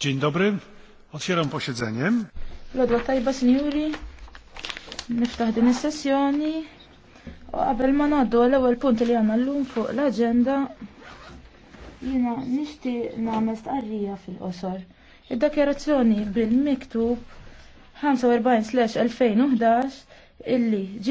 Dzień dobry. Otwieram posiedzenie. Lodwa tajba, signori. Niftaħ din is-sessjoni. U qabel ma ngħaddu l-ewwel punt li għandna llum fuq l-aġenda Jina nishti namel stqarrija fil-qosor. Id-dakjerazzjoni bil-miktub 45/2011 illi ġiet